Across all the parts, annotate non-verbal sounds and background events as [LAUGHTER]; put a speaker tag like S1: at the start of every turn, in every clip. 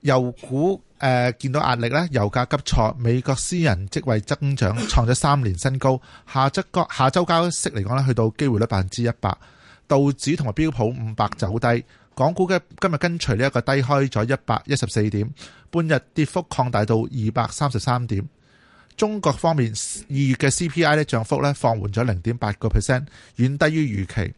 S1: 油股誒、呃、見到壓力咧，油價急挫，美國私人職位增長創咗三年新高。下周交下周交息嚟講咧，去到機會率百分之一百。道指同埋標普五百走低，港股嘅今日跟隨呢一個低開咗一百一十四點，半日跌幅擴大到二百三十三點。中國方面二月嘅 CPI 咧漲幅咧放緩咗零點八個 percent，遠低於預期。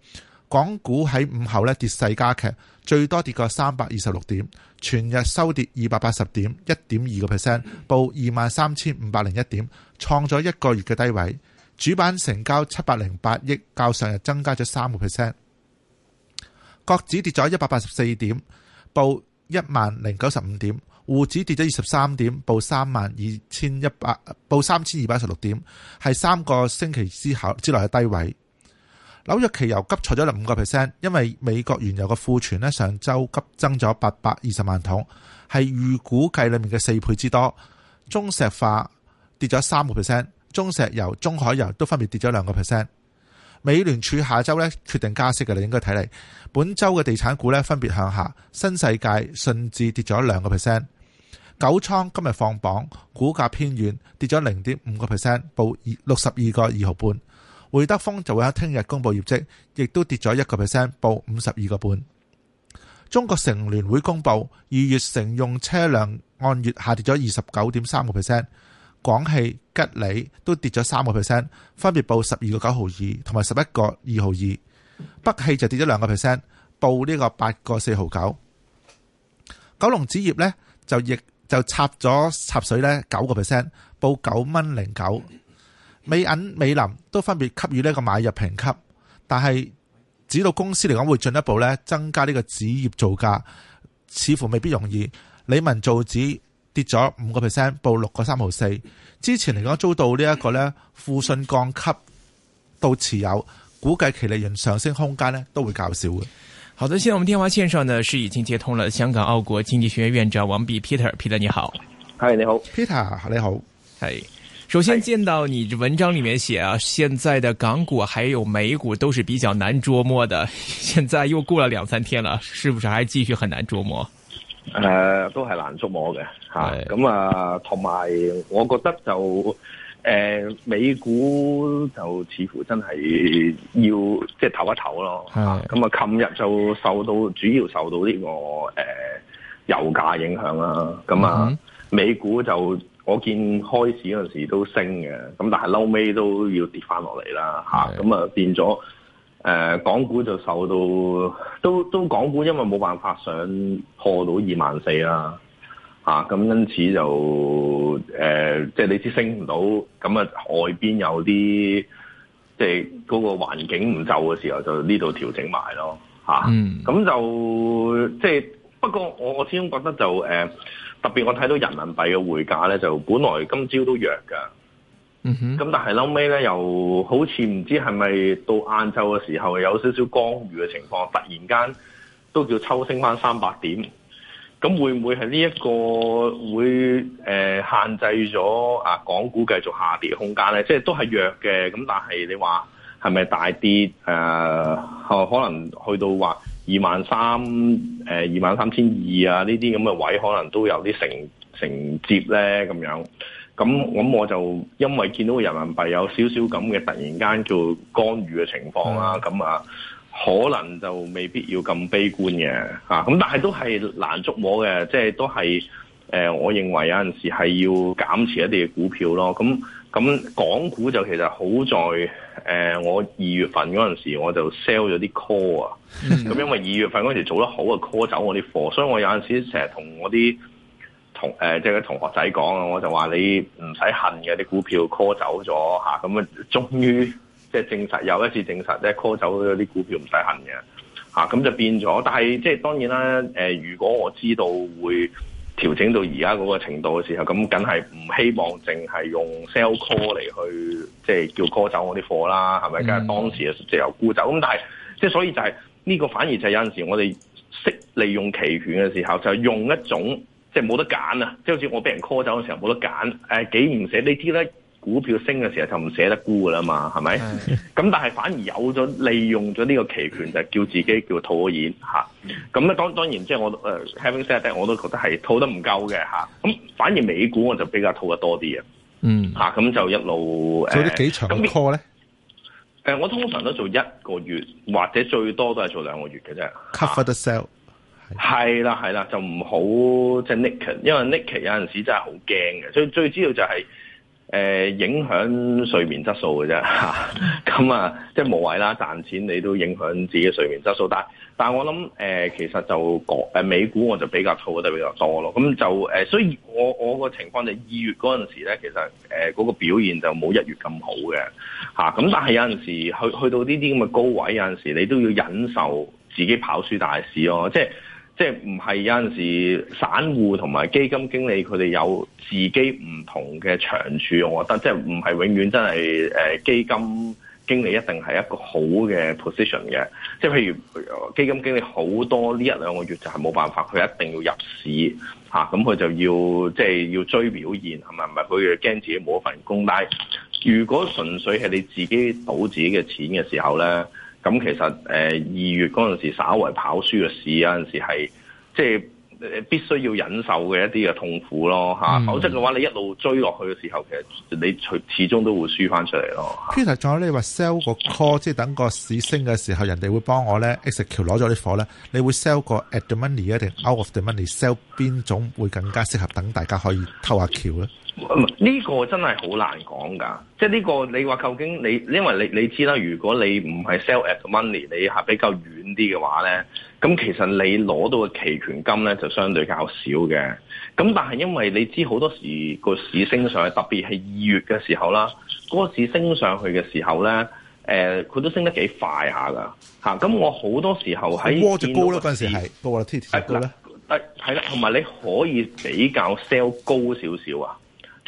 S1: 港股喺午後咧跌勢加劇。最多跌過三百二十六點，全日收跌二百八十點，一點二個 percent，報二萬三千五百零一點，創咗一個月嘅低位。主板成交七百零八億，較上日增加咗三個 percent。國指跌咗一百八十四點，報一萬零九十五點。滬指跌咗二十三點，報三萬二千一百，報三千二百十六點，係三個星期之後之內嘅低位。紐約期油急挫咗五個 percent，因為美國原油嘅庫存咧，上周急增咗八百二十萬桶，係預估計裡面嘅四倍之多。中石化跌咗三個 percent，中石油、中海油都分別跌咗兩個 percent。美聯儲下週咧決定加息嘅，你應該睇嚟。本周嘅地產股咧分別向下，新世界順至跌咗兩個 percent。九倉今日放榜，股價偏軟，跌咗零點五個 percent，報六十二個二毫半。會德豐就會喺聽日公布業績，亦都跌咗一個 percent，報五十二個半。中國乘聯會公布二月乘用車輛按月下跌咗二十九點三個 percent，廣汽吉利都跌咗三個 percent，分別報十二個九毫二同埋十一個二毫二。北汽就跌咗兩個 percent，報呢個八個四毫九。玖龍紙業呢，就亦就插咗插水呢九個 percent，報九蚊零九。美銀、美林都分別給予呢個買入評級，但係指導公司嚟講會進一步咧增加呢個紙業造價，似乎未必容易。理文造紙跌咗五個 percent，報六個三毫四。之前嚟講遭到呢一個咧富信降級，到持有估計其利潤上升空間呢都會較少嘅。好的，現在我們電話線上呢是已經接通了香港澳國經濟學院院長王弼 Peter，Peter 你好，係你好，Peter 你好，Hi, 你好 Peter, 你好 Hi.
S2: 首先見到你文章裏面寫啊，現在的港股還有美股都是比較難捉摸的。現在又過了兩三天了，是不是還繼續很難捉摸？誒、呃，都係難捉摸嘅吓。咁啊，同埋我覺得就誒、呃，美股就似乎真係要即係投一投咯。咁啊，琴日就受到主要受到呢、這個誒、呃、油價影響啦。咁啊、嗯，美股就。我見開始嗰陣時都升嘅，咁但係嬲尾都要跌翻落嚟啦，咁啊變咗、呃、港股就受到都都港股因為冇辦法想破到二萬四啦，咁、啊、因此就、呃、即係你知升唔到，咁、嗯、啊外邊有啲即係嗰個環境唔就嘅時候，就呢度調整埋咯，咁就即係不過我我始終覺得就、呃特別我睇到人民幣嘅匯價咧，就本來今朝都弱嘅，咁、嗯、但係後尾咧，又好似唔知係咪到晏晝嘅時候有少少干預嘅情況，突然間都叫抽升返三百點。咁會唔會係呢一個會誒、呃、限制咗啊港股繼續下跌空間咧？即、就、係、是、都係弱嘅。咁但係你話係咪大跌？誒、呃，可能去到話，二萬三，誒二萬三千二啊！呢啲咁嘅位可能都有啲承承接咧，咁樣咁咁我就因為見到人民幣有少少咁嘅突然間叫干預嘅情況啦、啊，咁啊可能就未必要咁悲觀嘅嚇，咁、啊、但係都係難捉摸嘅，即係都係誒、呃，我認為有陣時係要減持一啲嘅股票咯，咁。咁港股就其實好在，誒、呃、我二月份嗰陣時我就 sell 咗啲 call 啊，咁 [LAUGHS] 因為二月份嗰陣時做得好啊，call 走我啲貨，所以我有陣時成日同我啲同誒即係同學仔講啊，我就話你唔使恨嘅啲股票 call 走咗吓咁啊終於即係、即係、證實又一次證實即係 call、即係、走咗啲股票唔使恨嘅吓咁、啊、就變咗，但係即係當然啦、呃，如果我知道會。調整到而家嗰個程度嘅時候，咁梗係唔希望淨係用 sell call 嚟去，即係叫 call 走我啲貨啦，係咪？當，當時就自由沽走。咁但係，即係所以就係呢個反而就係有陣時我哋識利用期權嘅時候，就用一種即係冇得揀啊！即係好似我俾人 call 走嘅時候冇得揀，呃幾唔捨你知呢啲咧。股票升嘅時候就唔捨得沽噶啦嘛，係咪？咁 [LAUGHS] 但係反而有咗利用咗呢個期權，就是、叫自己叫套咗現吓。咁咧當當然即係、就是、我誒、uh，having said that 我都覺得係套得唔夠嘅吓。咁、啊、反而美股我就比較套得多啲啊。嗯吓，咁就一路、嗯啊、做啲幾長 call 咧、啊。誒、啊，我通常都做一個月或者最多都係做兩個月嘅啫。
S1: Covered call
S2: 係啦係啦，就唔好即係、就是、naked，因為 naked 有陣時真係好驚嘅。所以最主要就係、是。誒、嗯、影響睡眠質素嘅啫嚇，咁啊即係無謂啦，賺錢你都影響自己嘅睡眠質素，但但係我諗誒、呃、其實就個誒美股我就比較套得比較多咯，咁就誒所以我我個情況就二月嗰陣時咧，其實誒嗰、呃那個表現就冇一月咁好嘅嚇，咁、啊、但係有陣時去去到呢啲咁嘅高位，有陣時你都要忍受自己跑輸大市咯、哦，即係。即係唔係有陣時，散戶同埋基金經理佢哋有自己唔同嘅長處，我覺得即係唔係永遠真係誒基金經理一定係一個好嘅 position 嘅。即係譬如基金經理好多呢一兩個月就係冇辦法，佢一定要入市嚇，咁、啊、佢就要即係、就是、要追表現係咪？唔係佢驚自己冇份工。但係如果純粹係你自己賭自己嘅錢嘅時候咧。咁其實二月嗰陣時，稍為跑輸嘅市嗰陣時係即係必須要忍受嘅一啲嘅痛苦咯、嗯、否則嘅話，你一路追落去嘅時候，其實你始終都會輸翻出嚟咯。
S1: Peter，仲有你話 sell 個 call，即係等個市升嘅時候，人哋會幫我咧，ex call 攞咗啲貨咧，你會 sell 個 at the money 一定 out of the money，sell 邊種會更加適合等大家可以偷下橋咧？
S2: 呢、嗯這個真係好難講㗎，即係呢個你話究竟你，因為你你知啦，如果你唔係 sell at the money，你係比較遠啲嘅話呢，咁其實你攞到嘅期權金呢就相對較少嘅。咁但係因為你知好多時個市升上去，特別係二月嘅時候啦，嗰個市升上去嘅時候呢，誒佢都升得幾快下㗎嚇。咁、啊、我好多時候喺見到
S1: 市係高嗰陣時，係啦，
S2: 同埋、哎哎哎哎、你可以比較 sell 高少少啊。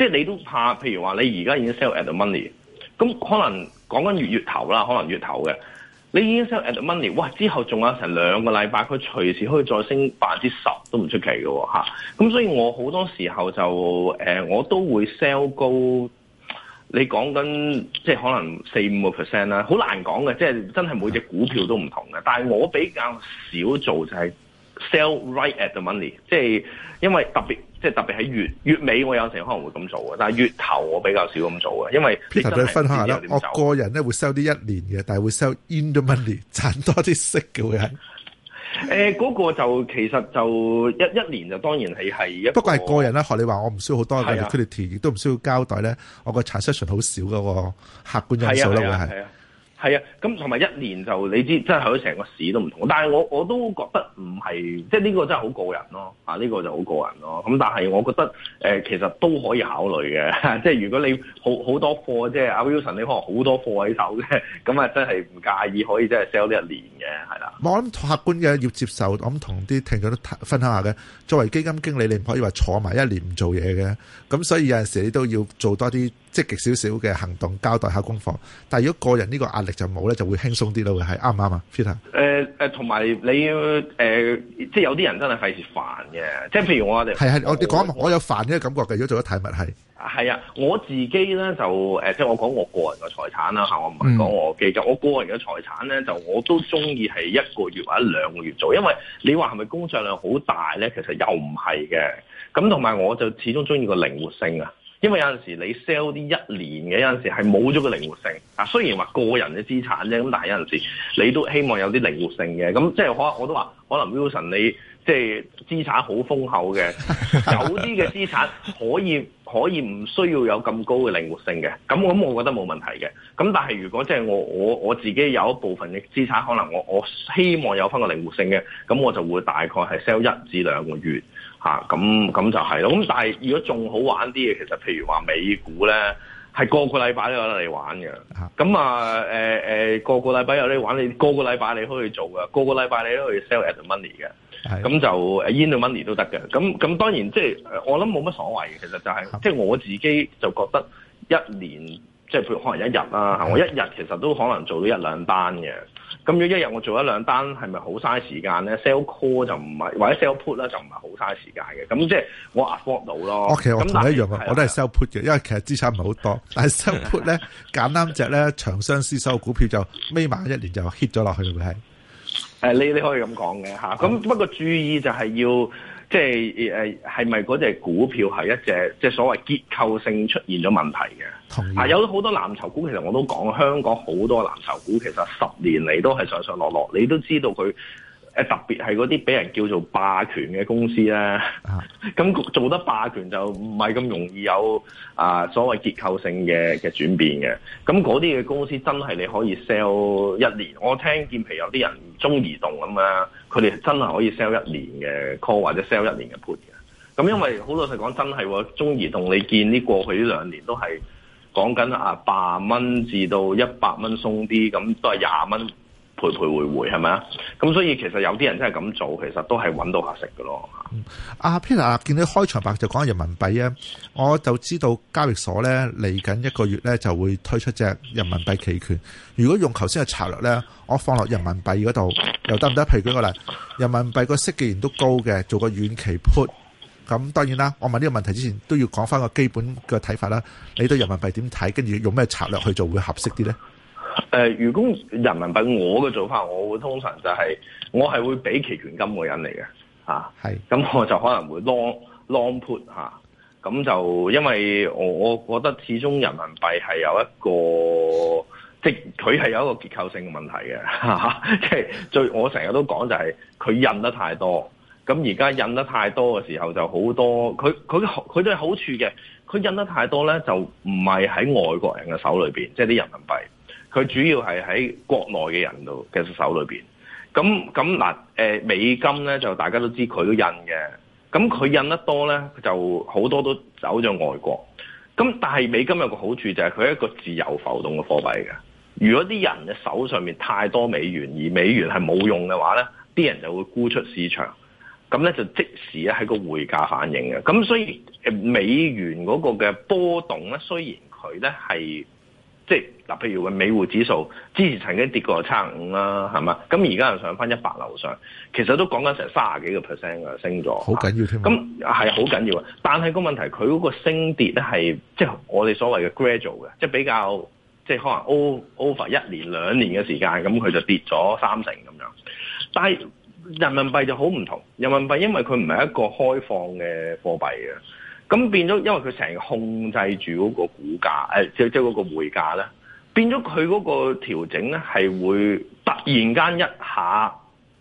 S2: 即係你都怕，譬如話你而家已經 sell at the money，咁可能講緊月，月頭啦，可能月頭嘅，你已經 sell at the money，哇！之後仲有成兩個禮拜，佢隨時可以再升百分之十都唔出奇嘅喎，咁所以我好多時候就誒、呃，我都會 sell 高，你講緊即係可能四五個 percent 啦，好難講嘅，即係真係每隻股票都唔同嘅。但係我比較少做就係 sell right at the money，即係因為特別。即係特別喺月月尾，我有時可能會咁做嘅，但係月頭我比較少咁做嘅，因為 Peter 你分享下啦，我
S1: 個人咧會收啲一年嘅，但係會收 end of year 賺多啲息嘅會係。誒、欸、
S2: 嗰、那個就其實就一一年就當然係係一個，不過係個人
S1: 啦，學你話我唔需要好多嘅 liquidity，亦都唔需要交代咧，我個 transaction 好少嗰個客觀因素啦會係。
S2: 係啊，咁同埋一年就你知，真係喺成個市都唔同。但係我我都覺得唔係，即係呢個真係好個人咯。啊，呢、呢個就好個人咯。咁但係我覺得、呃、其實都可以考慮嘅。即 [LAUGHS] 係如果你好好多貨，即、啊、係 Wilson 你可能好多貨喺手嘅，咁啊真係唔介意可以即係 sell 呢一年嘅，
S1: 係啦、啊。我諗客觀嘅要接受，我諗同啲聽眾都分享下嘅。作為基金經理，你唔可以話坐埋一,一年唔做嘢嘅。咁所以有陣時你都要做多啲。即係極少少嘅行動，交代下功課。但係如果個人呢個壓力就冇咧，就會輕鬆啲咯。係啱唔啱啊，Peter？誒、
S2: 呃、誒，同埋你誒、呃，即係有啲人真係費事煩嘅。即係譬如我哋係係我哋講，
S1: 我有煩嘅感覺嘅。如果做咗太物係，
S2: 係啊，我自己咧就誒，即係我講我個人嘅財產啦吓，我唔係講我記就、嗯、我個人嘅財產咧，就我都中意係一個月或者兩個月做，因為你話係咪工作量好大咧？其實又唔係嘅。咁同埋我就始終中意個靈活性啊。因為有陣時你 sell 啲一年嘅有陣時係冇咗個靈活性啊，雖然話個人嘅資產啫，咁但係有陣時你都希望有啲靈活性嘅，咁即係我我都話可能 Wilson 你即係資產好豐厚嘅，有啲嘅資產可以可以唔需要有咁高嘅靈活性嘅，咁我咁我覺得冇問題嘅，咁但係如果即係我我我自己有一部分嘅資產，可能我我希望有翻個靈活性嘅，咁我就會大概係 sell 一至兩個月。咁、啊、咁就係咯咁，但係如果仲好玩啲嘅，其實譬如話美股咧，係個個禮拜都有得你玩嘅。咁啊誒、呃、個個禮拜有得你玩，你個個禮拜你可以做嘅，個個禮拜你都可以 sell at the money 嘅。咁就 in the money 都得嘅。咁咁當然即係我諗冇乜所謂嘅，其實就係、是啊、即係我自己就覺得一年。即係譬如可能一日啦，我一日其實都可能做咗一兩單嘅。咁如果一日我做一兩單，係咪好嘥時間咧？Sell call 就唔係，或者 sell put 咧就唔係好嘥時間嘅。咁即係我 afford 到咯。哦，其實我同你一樣啊，我都係
S1: sell put 嘅，因為其實資產唔係好多，但係 sell put 咧簡單隻咧長相廝守股票就孭埋 [LAUGHS] 一年就 hit 咗落去嘅，會
S2: 係。誒，你你可以咁講嘅嚇。咁不過注意就係要，即係誒，係咪嗰隻股票係一隻？即係所謂結構性出現咗問題嘅？同啊，有好多藍籌股，其實我都講香港好多藍籌股其實十年嚟都係上上落落，你都知道佢。誒，特別係嗰啲俾人叫做霸權嘅公司咧，咁 [LAUGHS] 做得霸權就唔係咁容易有啊所謂結構性嘅嘅轉變嘅。咁嗰啲嘅公司真係你可以 sell 一年。我聽見譬如有啲人中移動咁啊，佢哋真係可以 sell 一年嘅 call 或者 sell 一年嘅 put 嘅。咁因為好老實講，真係喎，中移動你見呢過去呢兩年都係講緊啊八蚊至到鬆一百蚊鬆啲，咁都係廿蚊。徘徊回回係咪啊？咁所以其實有啲人真係咁做，其實都係揾到合適嘅咯。
S1: 阿 Peter 啊，見到開場白就講人民幣啊，我就知道交易所咧嚟緊一個月咧就會推出隻人民幣期權。如果用頭先嘅策略咧，我放落人民幣嗰度，又得唔得？譬如舉個例，人民幣個息既然都高嘅，做個遠期 put，咁當然啦。我問呢個問題之前都要講翻個基本嘅睇法啦。你對人民幣點睇？跟住用咩策略去做會合適啲咧？
S2: 誒、呃，如果人民幣，我嘅做法，我會通常就係、是，我係會俾期權金個人嚟嘅，嚇、
S1: 啊，係，咁我就
S2: 可能會 long long put 嚇、啊，咁就因為我我覺得始終人民幣係有一個，即佢係有一個結構性嘅問題嘅，即、啊、係最我成日都講就係、是、佢印得太多，咁而家印得太多嘅時候就好多，佢佢佢都有好處嘅，佢印得太多咧就唔係喺外國人嘅手裏邊，即係啲人民幣。佢主要係喺國內嘅人度嘅手裏面。咁咁嗱，誒美金咧就大家都知佢都印嘅，咁佢印得多咧，就好多都走咗外國。咁但係美金有個好處就係佢係一個自由浮動嘅貨幣嘅。如果啲人嘅手上面太多美元，而美元係冇用嘅話咧，啲人就會沽出市場，咁咧就即時咧喺個匯價反應嘅。咁所以誒美元嗰個嘅波動咧，雖然佢咧係。是即係嗱，譬如個美匯指數之前曾經跌過七五啦，係嘛？咁而家又上翻一百樓上，其實都講緊成卅幾個 percent 嘅升咗，好緊要添。咁係好緊要啊！但係個問題，佢嗰個升跌咧係即係我哋所謂嘅 gradual 嘅，即係比較即係可能 over 一年兩年嘅時間，咁佢就跌咗三成咁樣。但係人民幣就好唔同，人民幣因為佢唔係一個開放嘅貨幣嘅。咁變咗，因為佢成日控制住嗰個股價，誒、呃，即即嗰個匯價咧，變咗佢嗰個調整咧，係會突然間一下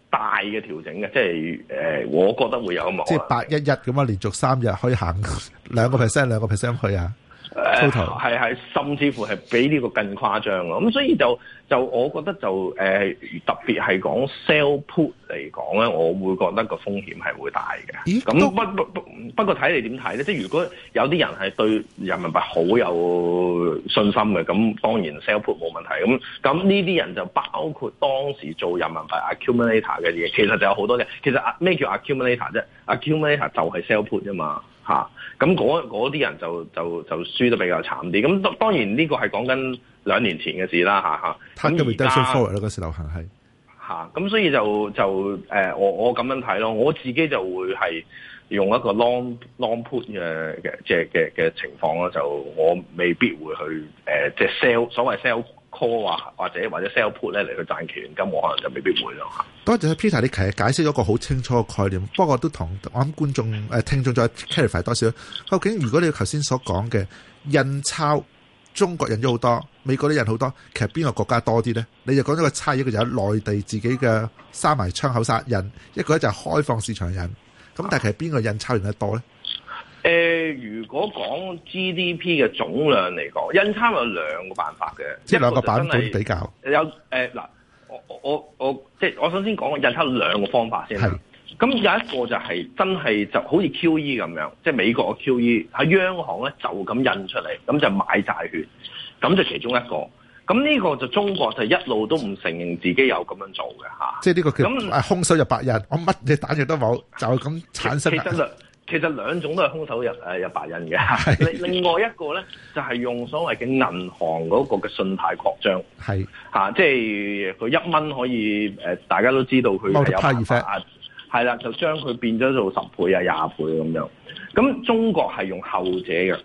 S2: 大嘅調整嘅，即係誒、呃，我覺得會有咁，即係八
S1: 一一咁啊，連續三日可以行兩個 percent、兩個 percent 去啊。誒
S2: 係係，甚至乎係比呢個更誇張咯。咁所以就就我覺得就誒、呃、特別係講 sell put 嚟講咧，我會覺得個風險係會大嘅。咁不不不過睇你點睇咧？即係如果有啲人係對人民幣好有信心嘅，咁當然 sell put 冇問題。咁咁呢啲人就包括當時做人民幣 accumulator 嘅嘢，其實就有好多嘅。其實咩、啊、叫 accumulator 啫、啊？accumulator 就係 sell put 啫嘛。吓，咁嗰嗰啲人就就就輸得比較慘啲。咁當然呢個係講緊兩年前嘅事啦。吓嚇，咁而家嗰
S1: 個市流行係
S2: 吓，咁所以就就誒，我我咁樣睇咯。我自己就會係用一個 long long put 嘅嘅即係嘅嘅情況咯。就我未必會去誒，即係 sell 所謂 sell。鋪啊，或者或者 sell put 咧嚟到賺錢，咁我可能就未必會
S1: 咯。多謝，謝 Peter，你其實解釋咗個好清楚嘅概念。不過都同我諗觀眾誒聽眾再 clarify 多少？究竟如果你頭先所講嘅印鈔，中國印咗好多，美國啲印好多，其實邊個國家多啲咧？你就講咗個差異，一個就喺內地自己嘅閂埋窗口殺印，一個咧就開放市場印。咁但係其實邊個印鈔用得多咧？
S2: 誒、呃，如果講 GDP 嘅總量嚟講，印鈔有兩個辦法嘅，即係兩個版本比較有。有誒，嗱，我我我，我即係我想先講印鈔兩個方法先啦。咁有一個就係真係就好似 QE 咁樣，即係美國嘅 QE，喺央行咧就咁印出嚟，咁就買債券，咁就其中一個。咁呢個就中國就一路都唔承認自己有咁樣做嘅吓。
S1: 即係呢個叫誒空手入白刃，我乜嘢打野都冇，就咁產生。
S2: 其實兩種都係空手入誒印白印嘅，另外一個咧就係、是、用所謂嘅銀行嗰個嘅信貸擴張，係嚇、啊，即係佢一蚊可以誒，大家都知道佢有八百，係 [NOISE] 啦，就將佢變咗做十倍啊、廿倍咁樣。咁中國係用後者嘅，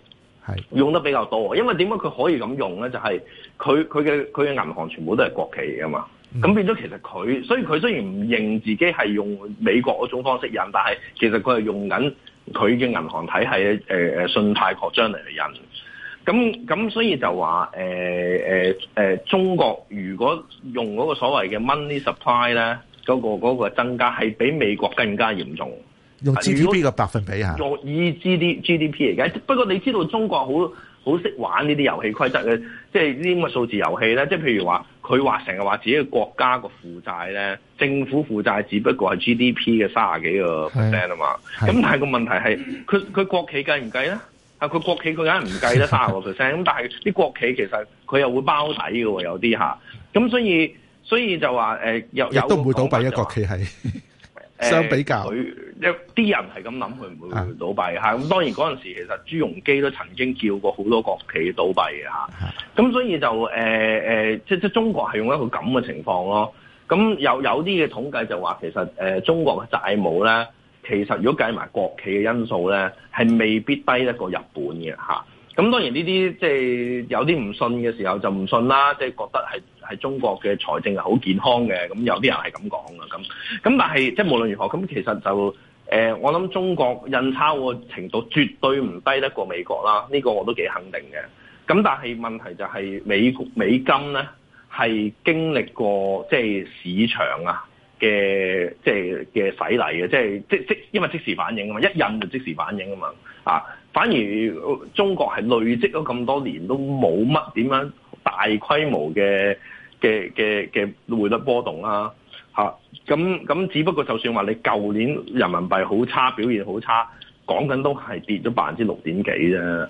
S2: 係用得比較多。因為點解佢可以咁用咧？就係佢佢嘅佢嘅銀行全部都係國企嚟噶嘛。咁變咗其實佢，所以佢雖然唔認自己係用美國嗰種方式印，但係其實佢係用緊。佢嘅銀行體系、呃、信貸擴張嚟嘅人，咁咁所以就話、呃呃呃、中國如果用嗰個所謂嘅 money supply 咧，嗰個嗰個增加係比美國更加嚴重。
S1: 用 GDP 嘅百分
S2: 比嚇，用以 G D G D P 嚟、啊、計。不過你知道中國好好識玩呢啲遊戲規則嘅，即係呢啲咁嘅數字遊戲咧，即係譬如話。佢話成日話自己嘅國家個負債咧，政府負債只不過係 GDP 嘅三十幾個 percent 啊嘛。咁但係個問題係，佢佢國企計唔計咧？啊，佢國企佢梗係唔計得三十個 percent。咁但係啲國企其實佢又會包底嘅喎，有啲下。咁所以所以就話誒，又又都唔會倒閉一國企係 [LAUGHS] 相比較、呃。有啲人係咁諗，佢唔會倒閉嚇。咁當然嗰陣時，其實朱鎔基都曾經叫過好多國企倒閉嘅嚇。咁所以就誒、呃、即即中國係用一個咁嘅情況咯。咁有有啲嘅統計就話，其實、呃、中國嘅債務咧，其實如果計埋國企嘅因素咧，係未必低得過日本嘅嚇。咁當然呢啲即係有啲唔信嘅時候就唔信啦，即係覺得係中國嘅財政係好健康嘅，咁有啲人係咁講噶，咁咁但係即係無論如何，咁其實就、呃、我諗中國印鈔嘅程度絕對唔低得過美國啦，呢個我都幾肯定嘅。咁但係問題就係美國美金咧係經歷過即係市場啊嘅即係嘅洗禮嘅，即係即即因為即時反應啊嘛，一印就即時反應啊嘛，啊！反而中國係累積咗咁多年都冇乜點樣大規模嘅嘅嘅嘅匯率波動啦，咁、啊、咁，只不過就算話你舊年人民幣好差表現好差，講緊都係跌咗百分之六點幾啫，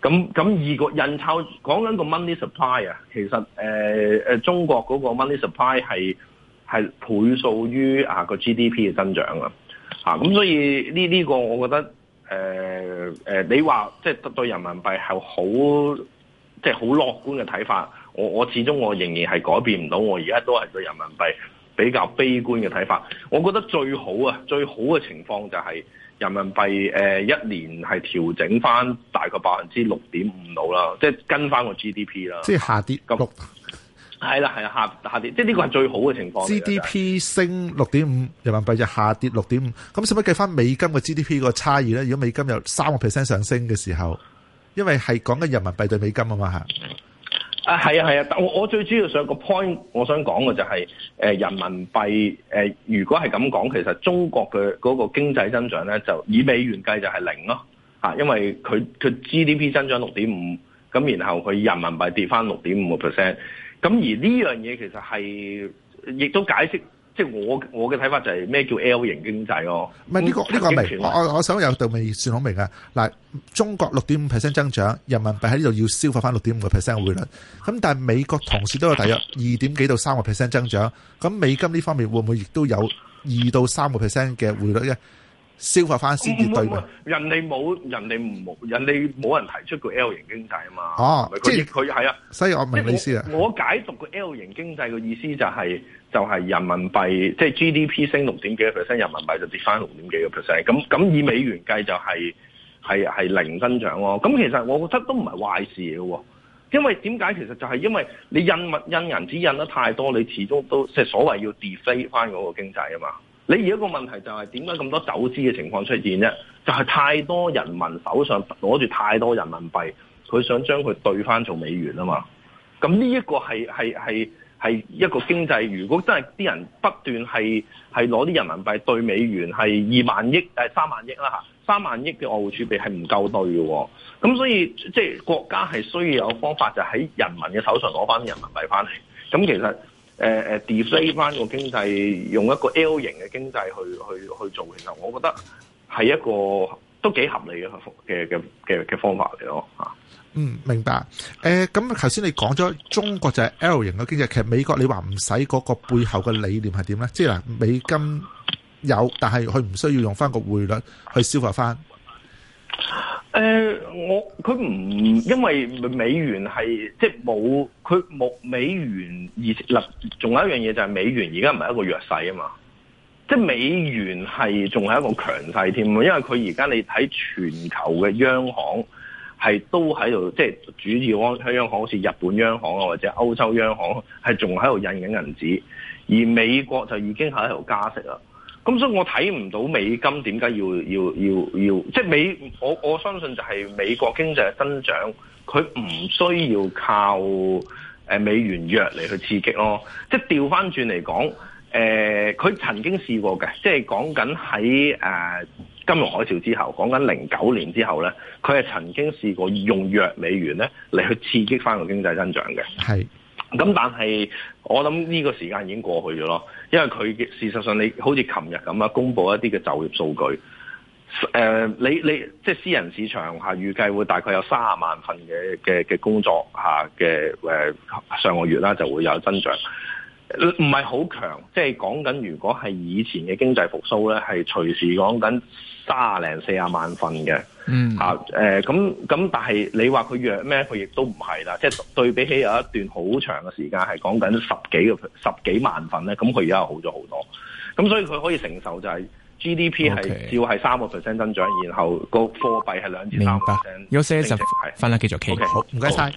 S2: 咁咁二個印鈔講緊個 money supply 啊，其實、呃、中國嗰個 money supply 係係倍數於啊個 GDP 嘅增長啊，咁所以呢呢個我覺得。誒、呃呃、你話即係對人民幣係好即係好樂觀嘅睇法，我我始終我仍然係改變唔到，我而家都係對人民幣比較悲觀嘅睇法。我覺得最好啊，最好嘅情況就係人民幣誒、呃、一年係調整翻大概百分之六點五到啦，即係跟翻個 GDP 啦。即係
S1: 下跌六
S2: 係啦，係啦，下下跌，即係呢個係最好嘅情況。G D P
S1: 升六點五，人民幣就下跌六點五，咁使唔使計翻美金嘅 G D P 個差異咧？如果美金有三個 percent 上升嘅時候，因為係講緊人民幣對美金啊嘛吓。
S2: 啊，係啊，係啊，但我我最主要上個 point，我想講嘅就係、是、誒人民幣誒，如果係咁講，其實中國嘅嗰個經濟增長咧就以美元計就係零咯吓，因為佢佢 G D P 增長六點五，咁然後佢人民幣跌翻六點五個 percent。咁而呢樣嘢其實係，亦都解釋，即係我我嘅睇法就係咩叫 L 型經濟咯。
S1: 唔係呢個呢個未，我我想有對未算好明啊。嗱，中國六點五 percent 增長，人民幣喺呢度要消化翻六點五個 percent 匯率。咁但係美國同時都有大約二點幾到三個 percent 增長。咁美金呢方面會唔會亦都有二到三個 percent 嘅匯率咧？消化翻先，絕
S2: 人哋冇，人哋唔冇，人哋冇人，人提出個 L 型經濟啊嘛。哦、啊，即係佢係啊，
S1: 所以我明你意思啦。
S2: 我解讀個 L 型經濟嘅意思就係、是、就係、是、人民幣即係、就是、GDP 升六點幾個 percent，人民幣就跌翻六點幾個 percent。咁咁以美元計就係係係零增長咯、哦。咁其實我覺得都唔係壞事嘅、哦，因為點解其實就係因為你印物印銀紙印得太多，你始終都即係所謂要 deflate 翻嗰個經濟啊嘛。你而家個問題就係點解咁多走資嘅情況出現呢？就係、是、太多人民手上攞住太多人民幣，佢想將佢兌翻做美元啊嘛。咁呢一個係係係係一個經濟，如果真係啲人不斷係係攞啲人民幣兌美元係二萬億，誒三萬億啦嚇，三萬億嘅外匯儲備係唔夠兌嘅喎。咁所以即係、就是、國家係需要有方法，就喺人民嘅手上攞翻人民幣翻嚟。咁其實。誒誒 deflate 翻個經濟，用一個 L 型嘅經濟去去去做，其實我覺得係一個都幾合理嘅嘅嘅嘅方法嚟咯吓。
S1: 嗯，明白。誒、呃，咁頭先你講咗中國就係 L 型嘅經濟，其實美國你話唔使嗰個背後嘅理念係點咧？即係嗱，美金有，但係佢唔需要用翻個匯率去消化翻。
S2: 誒、呃、我佢唔，因為美元係即係冇佢冇美元而嗱，仲有一樣嘢就係美元而家唔係一個弱勢啊嘛，即係美元係仲係一個強勢添，因為佢而家你睇全球嘅央行係都喺度，即係主要央央行好似日本央行啊，或者歐洲央行係仲喺度印緊銀紙，而美國就已經喺度加息啦。咁、嗯、所以我睇唔到美金點解要要要要，即係美我我相信就係美國經濟嘅增長，佢唔需要靠誒、呃、美元弱嚟去刺激咯。即係調翻轉嚟講，誒，佢、呃、曾經試過嘅，即係講緊喺誒金融海嘯之後，講緊零九年之後咧，佢係曾經試過用弱美元咧嚟去刺激翻個經濟增長嘅，係。咁但係我諗呢個時間已經過去咗咯，因為佢事實上你好似琴日咁樣公布一啲嘅就業數據，誒、呃，你你即係、就是、私人市場吓預計會大概有三十萬份嘅嘅嘅工作吓嘅，誒上個月啦，就會有增長，唔係好強，即係講緊如果係以前嘅經濟復蘇咧，係隨時講緊三十零四十萬份嘅。嗯，嚇、啊，咁、嗯，咁、嗯，但係你話佢弱咩？佢亦都唔係啦，即、就、係、是、對比起有一段好長嘅時間係講緊十幾個十幾萬份咧，咁佢而家好咗好多，咁、嗯、所以佢可以承受就係 GDP 係照係三個 percent 增長，然後個貨幣係兩至三個 percent。有事就翻嚟繼續傾。Okay，好，唔該晒。